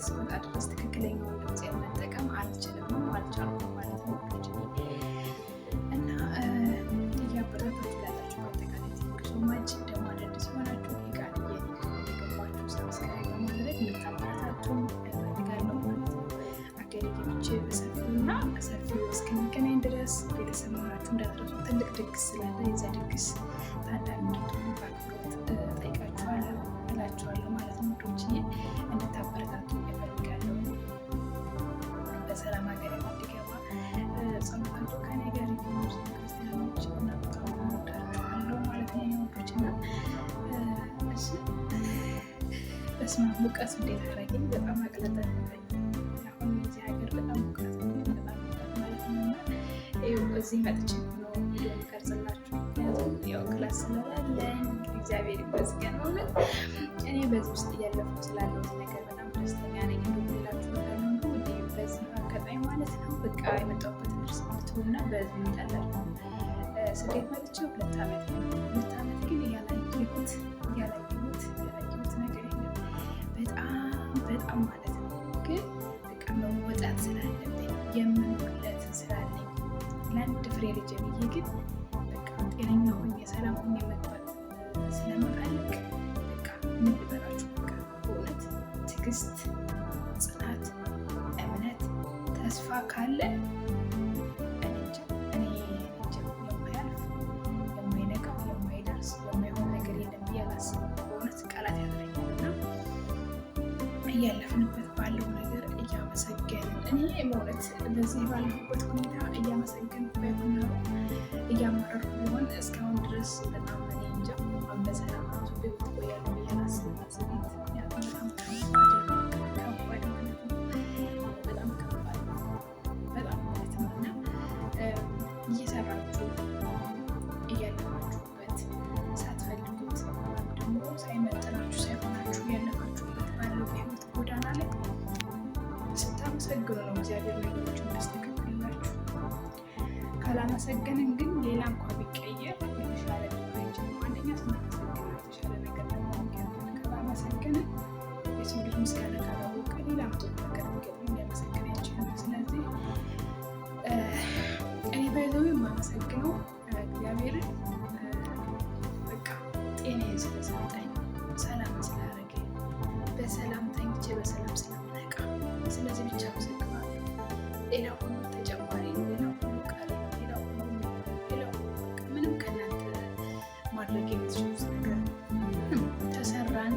እስክመጣ ድረስ ትክክለኛውን ድምፅ መጠቀም አልችልም አልቻልኩም ማለት ነው። እና እያበረታታችሁ ላላችሁ በአጠቃላይ ቴንክ ማች። ደግሞ አዳዲስ ሆናችሁ ቃል እየገባችሁ ሰብስክራይብ በማድረግ የምታበረታችሁ በስመ ሙቀት ሙቀቱ እንዴት አደረገኝ! በጣም አቅለጠለጠኝ። አሁን እዚህ ሀገር በጣም ሙቀት እዚህ መጥቼ ነው ቀርጽላችሁ። ምክንያቱም ያው ክላስ ስለላለኝ እግዚአብሔር ይመስገን እውነት እኔ በዚህ ውስጥ እያለፍኩ ስላለው ነገር በጣም ደስተኛ ነኝ። እንደሚላችሁ በዚህ አጋጣሚ ማለት ነው በቃ የመጣሁበት ድርስ ማለት እና በዚህ ይጠላል ስደት መጥቼ ሁለት ዓመት ሁለት ዓመት ግን እያላየሁት እያላየሁት ነገር አልወጣም ማለት ነው። ግን በቃ መወጣት ስላለብኝ የምንለት ስላለኝ ለአንድ ፍሬ ልጅ ብዬ ግን በቃ ጤነኛ ሆኜ የሰላም ሆኜ መግባት ስለምፈልግ በቃ ምን ልበላችሁ፣ በቃ በእውነት ትዕግስት፣ ጽናት፣ እምነት፣ ተስፋ ካለን እያለፍንበት ባለው ነገር እያመሰገን እኔ በእውነት በዚህ ባለሁበት ሁኔታ እያመሰገን ነው እያመረርኩ ቢሆን እስካሁን ድረስ በጣም እኔ እንጃ በዘና ራሱ ቤት ቆያሉ የራስ ስሜት ምክንያቱም በጣም ከባድ በጣም ከባድ በጣም ማለት ነው እና እየሰራ ስታመሰግኑ ነው እግዚአብሔር ነገሮች ያስተካክልላችሁ። ካላመሰገንን ግን ሌላ እንኳ ቢቀየር የተሻለ ነው። አንደኛ ስናመሰግን የተሻለ ነገር ለማግኘት ካላመሰገንን የሰው ልጅ ምስጋና ካላወቀ ሌላ ምጥ ነገር ሊያመሰግን አይችልም። ስለዚህ እኔ ባይዘው የማመሰግነው እግዚአብሔርን በቃ ጤና ስለሰጠኝ ተሰራን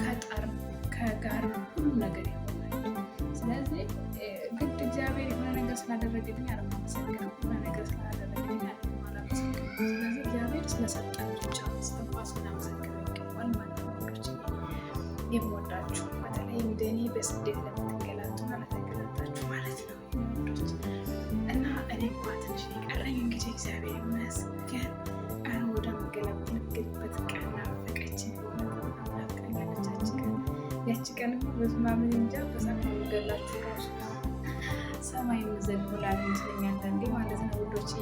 ከጣር ከጋር ሁሉ ነገር ይሆናል። ስለዚህ ግድ እግዚአብሔር የሆነ ነገር ስላደረገልኝ አለማመሰግን የሆነ ነገር ስላደረገልኝ አለማመሰግን። ስለዚህ እግዚአብሔር ስለሰጠን ብቻ ስንኳ ስናመሰግን ይገባል ማለት ነው። የምወዳችሁ በተለይ እንደኔ በስደት ለምትገላቱ ና ማለት ነው የምወዳችሁ እና እኔ እንኳ ትንሽ የቀረኝ እንግዲህ እግዚአብሔር ይመስገን ቀን ናፈቀችን። ያቺ ቀን እንጃ ራሱ ሰማይ ይመስለኛል ማለት ነው ውዶች።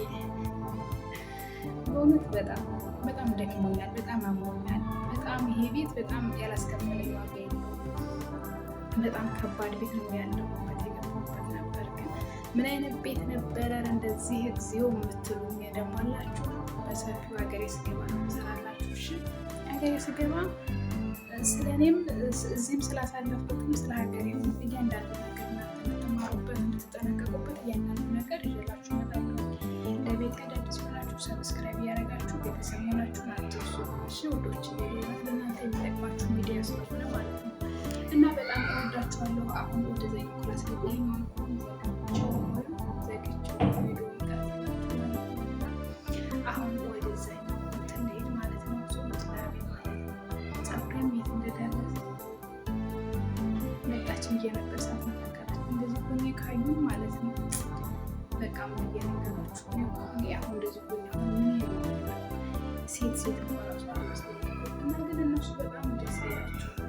በእውነት በጣም በጣም ደክሞኛል፣ በጣም አሞኛል። በጣም ይሄ ቤት በጣም ዋጋ የለውም። በጣም ከባድ ቤት ነው የገባሁበት ነበር ግን ምን አይነት ቤት ነበረ እንደዚህ እግዚኦ የምትሉኝ ደግሞ አላችሁ መልሳችሁ ሀገሬ ስገባ ነው ምሰራላችሁ። እሺ ሀገሬ ስገባ ስለ እኔም እዚህም ስላሳለፍኩትም ስለ ሀገሬ እያንዳንዱ ነገር እናንተ የምትማሩበት የምትጠነቀቁበት እያንዳንዱ ነገር ይዤላችሁ እመጣለሁ። ለቤት አዳዲስ ሆናችሁ ሰብስክራይብ እያደረጋችሁ ቤተሰብ ሆናችሁን አትርሱ። እሺ ውዶች፣ ለእናንተ የሚጠቅማችሁ ሚዲያ ስለሆነ ማለት ነው እና በጣም እወዳችኋለሁ። አሁን ወደ ዘኝ ኩላስ ሊቆይ ዘግቸው ነበር ሳትመለከት እንደዚህ ሆኜ ካዩ ማለት ነው በቃ ምን እየነገራችሁ ነው? አሁን እንደዚህ ሆኜ ሴት ሴት ራሱ እና ግን እነሱ በጣም ደስ ይላቸው